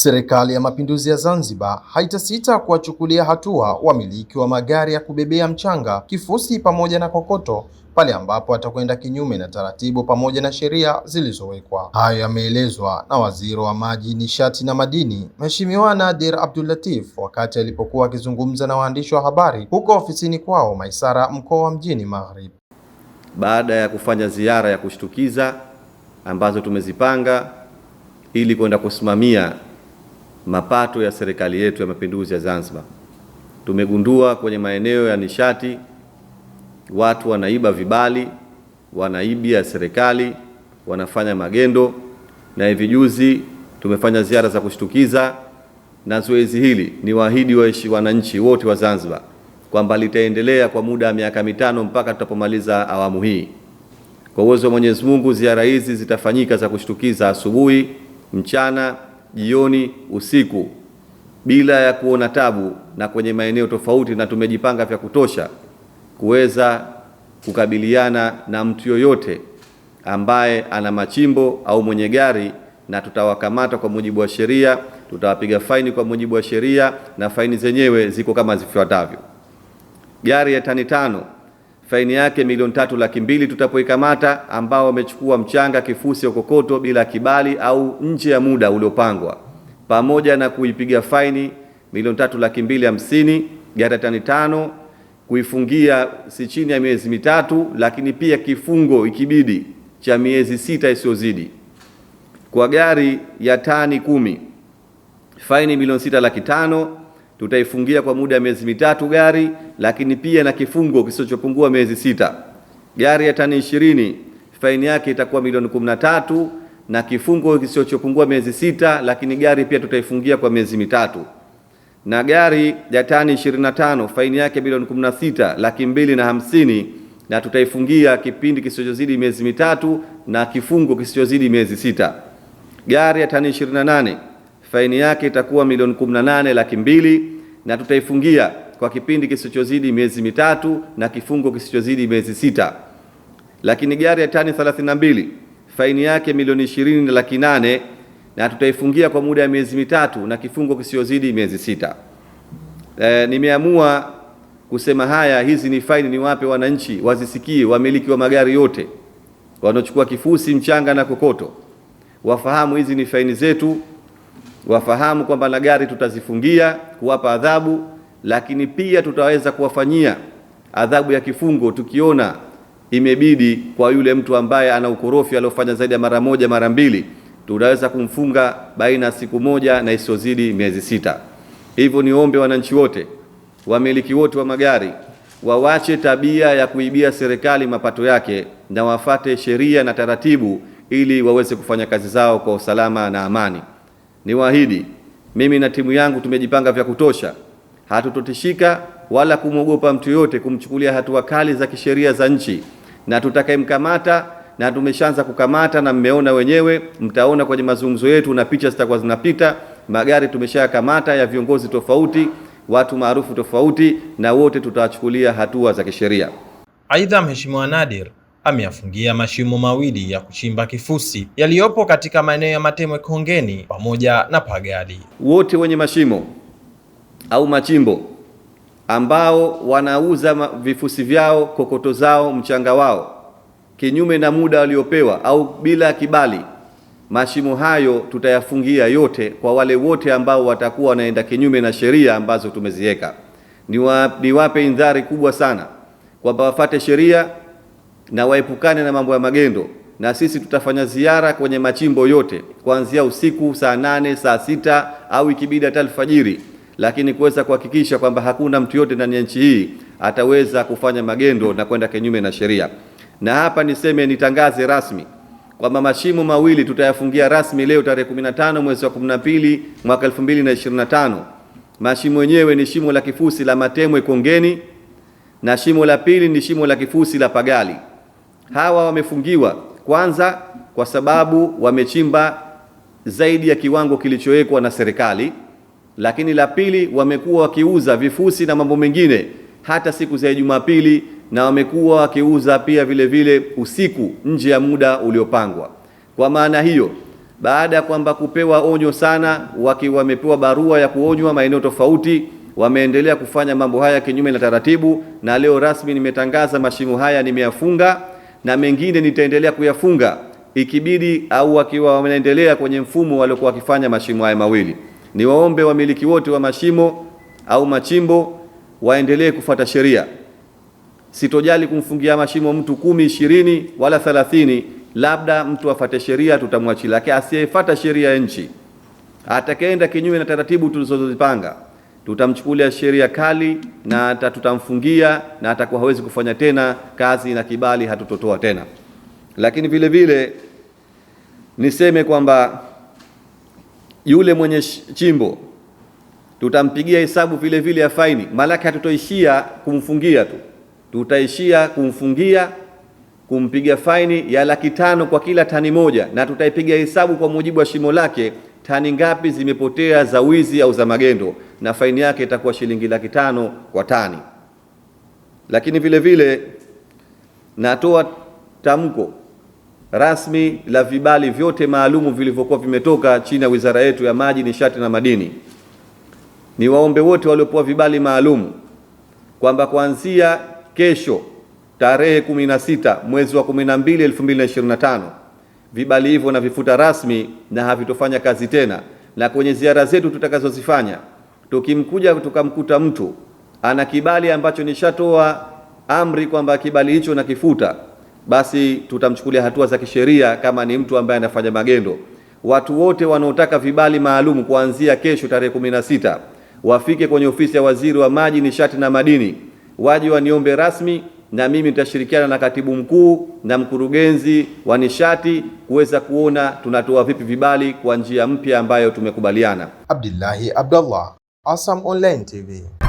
Serikali ya Mapinduzi ya Zanzibar haitasita kuwachukulia hatua wamiliki wa magari ya kubebea mchanga, kifusi pamoja na kokoto pale ambapo atakwenda kinyume na taratibu pamoja na sheria zilizowekwa. Hayo yameelezwa na Waziri wa Maji, Nishati na Madini, Mheshimiwa Nadir Abdul Latif wakati alipokuwa akizungumza na waandishi wa habari huko ofisini kwao Maisara, mkoa wa Mjini Magharibi, baada ya kufanya ziara ya kushtukiza ambazo tumezipanga ili kwenda kusimamia mapato ya serikali yetu ya mapinduzi ya Zanzibar. Tumegundua kwenye maeneo ya nishati watu wanaiba vibali, wanaibia serikali, wanafanya magendo, na hivi juzi tumefanya ziara za kushtukiza, na zoezi hili ni waahidi wananchi wote wa Zanzibar kwamba litaendelea kwa muda wa miaka mitano mpaka tutapomaliza awamu hii. Kwa uwezo wa Mwenyezi Mungu, ziara hizi zitafanyika za kushtukiza asubuhi, mchana jioni, usiku bila ya kuona tabu na kwenye maeneo tofauti, na tumejipanga vya kutosha kuweza kukabiliana na mtu yoyote ambaye ana machimbo au mwenye gari, na tutawakamata kwa mujibu wa sheria, tutawapiga faini kwa mujibu wa sheria, na faini zenyewe ziko kama zifuatavyo: gari ya tani tano faini yake milioni tatu laki mbili tutapoikamata, ambao wamechukua mchanga, kifusi, kokoto bila kibali au nje ya muda uliopangwa, pamoja na kuipiga faini milioni tatu laki mbili hamsini jara tani tano, kuifungia si chini ya miezi mitatu, lakini pia kifungo ikibidi cha miezi sita isiyozidi. Kwa gari ya tani kumi faini milioni sita laki tano tutaifungia kwa muda wa miezi mitatu gari, lakini pia na kifungo kisichopungua miezi sita. Gari ya tani ishirini faini yake itakuwa milioni kumi na tatu na kifungo kisichopungua miezi sita, lakini gari pia tutaifungia kwa miezi mitatu. Na gari ya tani tano faini yake milioni sita laki mbili na hamsini na tutaifungia kipindi kisichozidi miezi mitatu na kifungo kisichozidi miezi sita. Gari ya tani 28 faini yake itakuwa milioni 18 laki mbili na tutaifungia kwa kipindi kisichozidi miezi mitatu na kifungo kisichozidi miezi sita. Lakini gari ya tani 32 faini yake milioni ishirini na laki nane na tutaifungia kwa muda ya miezi mitatu na kifungo kisichozidi miezi sita. E, nimeamua kusema haya. Hizi ni faini, niwape wananchi wazisikie, wamiliki wa magari yote wanaochukua kifusi, mchanga na kokoto wafahamu hizi ni faini zetu wafahamu kwamba na gari tutazifungia kuwapa adhabu, lakini pia tutaweza kuwafanyia adhabu ya kifungo tukiona imebidi kwa yule mtu ambaye ana ukorofi aliofanya zaidi ya mara moja mara mbili, tunaweza kumfunga baina ya siku moja na isiyozidi miezi sita. Hivyo niombe wananchi wote, wamiliki wote wa magari wawache tabia ya kuibia serikali mapato yake na wafate sheria na taratibu, ili waweze kufanya kazi zao kwa usalama na amani. Niwaahidi, mimi na timu yangu tumejipanga vya kutosha, hatutotishika wala kumwogopa mtu yoyote kumchukulia hatua kali za kisheria za nchi, na tutakayemkamata na tumeshaanza kukamata, na mmeona wenyewe, mtaona kwenye mazungumzo yetu na picha zitakuwa zinapita. Magari tumeshayakamata ya viongozi tofauti, watu maarufu tofauti, na wote tutawachukulia hatua za kisheria. Aidha, Mheshimiwa Nadir ameyafungia mashimo mawili ya kuchimba kifusi yaliyopo katika maeneo ya Matemwe Kongeni pamoja na Pagali. Wote wenye mashimo au machimbo ambao wanauza vifusi vyao, kokoto zao, mchanga wao kinyume na muda waliopewa au bila kibali, mashimo hayo tutayafungia yote kwa wale wote ambao watakuwa wanaenda kinyume na sheria ambazo tumeziweka. Niwape indhari kubwa sana kwamba wafate sheria na waepukane na mambo ya magendo. Na sisi tutafanya ziara kwenye machimbo yote kuanzia usiku saa nane, saa sita au ikibidi hata alfajiri, lakini kuweza kuhakikisha kwamba hakuna mtu yote ndani ya nchi hii ataweza kufanya magendo na kwenda kinyume na sheria. Na hapa niseme, nitangaze rasmi kwamba mashimo mawili tutayafungia rasmi leo tarehe 15 mwezi wa 12 mwaka 2025. Mashimo yenyewe ni shimo la kifusi la Matemwe Kongeni na shimo la pili ni shimo la kifusi la Pagali hawa wamefungiwa kwanza kwa sababu wamechimba zaidi ya kiwango kilichowekwa na serikali, lakini la pili wamekuwa wakiuza vifusi na mambo mengine hata siku za Jumapili, na wamekuwa wakiuza pia vile vile usiku nje ya muda uliopangwa. Kwa maana hiyo, baada ya kwamba kupewa onyo sana, waki wamepewa barua ya kuonywa maeneo tofauti, wameendelea kufanya mambo haya kinyume na taratibu, na leo rasmi nimetangaza mashimo haya nimeyafunga na mengine nitaendelea kuyafunga ikibidi au akiwa wanaendelea kwenye mfumo waliokuwa wakifanya mashimo haya mawili. Niwaombe wamiliki wote wa mashimo au machimbo waendelee kufuata sheria. Sitojali kumfungia mashimo mtu kumi, ishirini wala thalathini, labda mtu afate sheria tutamwachilia, lakini asiyefuata sheria ya nchi atakaenda kinyume na taratibu tulizozipanga tutamchukulia sheria kali na tutamfungia na atakuwa hawezi kufanya tena kazi na kibali hatutotoa tena. Lakini vile vile niseme kwamba yule mwenye chimbo tutampigia hesabu vile vile ya faini, malaki hatutoishia kumfungia tu, tutaishia kumfungia kumpiga faini ya laki tano kwa kila tani moja, na tutaipiga hesabu kwa mujibu wa shimo lake tani ngapi zimepotea za wizi au za magendo, na faini yake itakuwa shilingi laki tano kwa tani. Lakini vile vile natoa tamko rasmi la vibali vyote maalumu vilivyokuwa vimetoka chini ya wizara yetu ya Maji, Nishati na Madini. ni waombe wote waliopewa vibali maalumu kwamba kuanzia kesho tarehe 16 mwezi wa 12 tano vibali hivyo na vifuta rasmi na havitofanya kazi tena. Na kwenye ziara zetu tutakazozifanya, tukimkuja tukamkuta mtu ana kibali ambacho nishatoa amri kwamba kibali hicho na kifuta, basi tutamchukulia hatua za kisheria kama ni mtu ambaye anafanya magendo. Watu wote wanaotaka vibali maalum kuanzia kesho tarehe sita wafike kwenye ofisi ya waziri wa maji, nishati na madini, waje waniombe rasmi na mimi nitashirikiana na katibu mkuu na mkurugenzi wa nishati kuweza kuona tunatoa vipi vibali kwa njia mpya ambayo tumekubaliana. abdullahi Abdallah, Asam Online TV.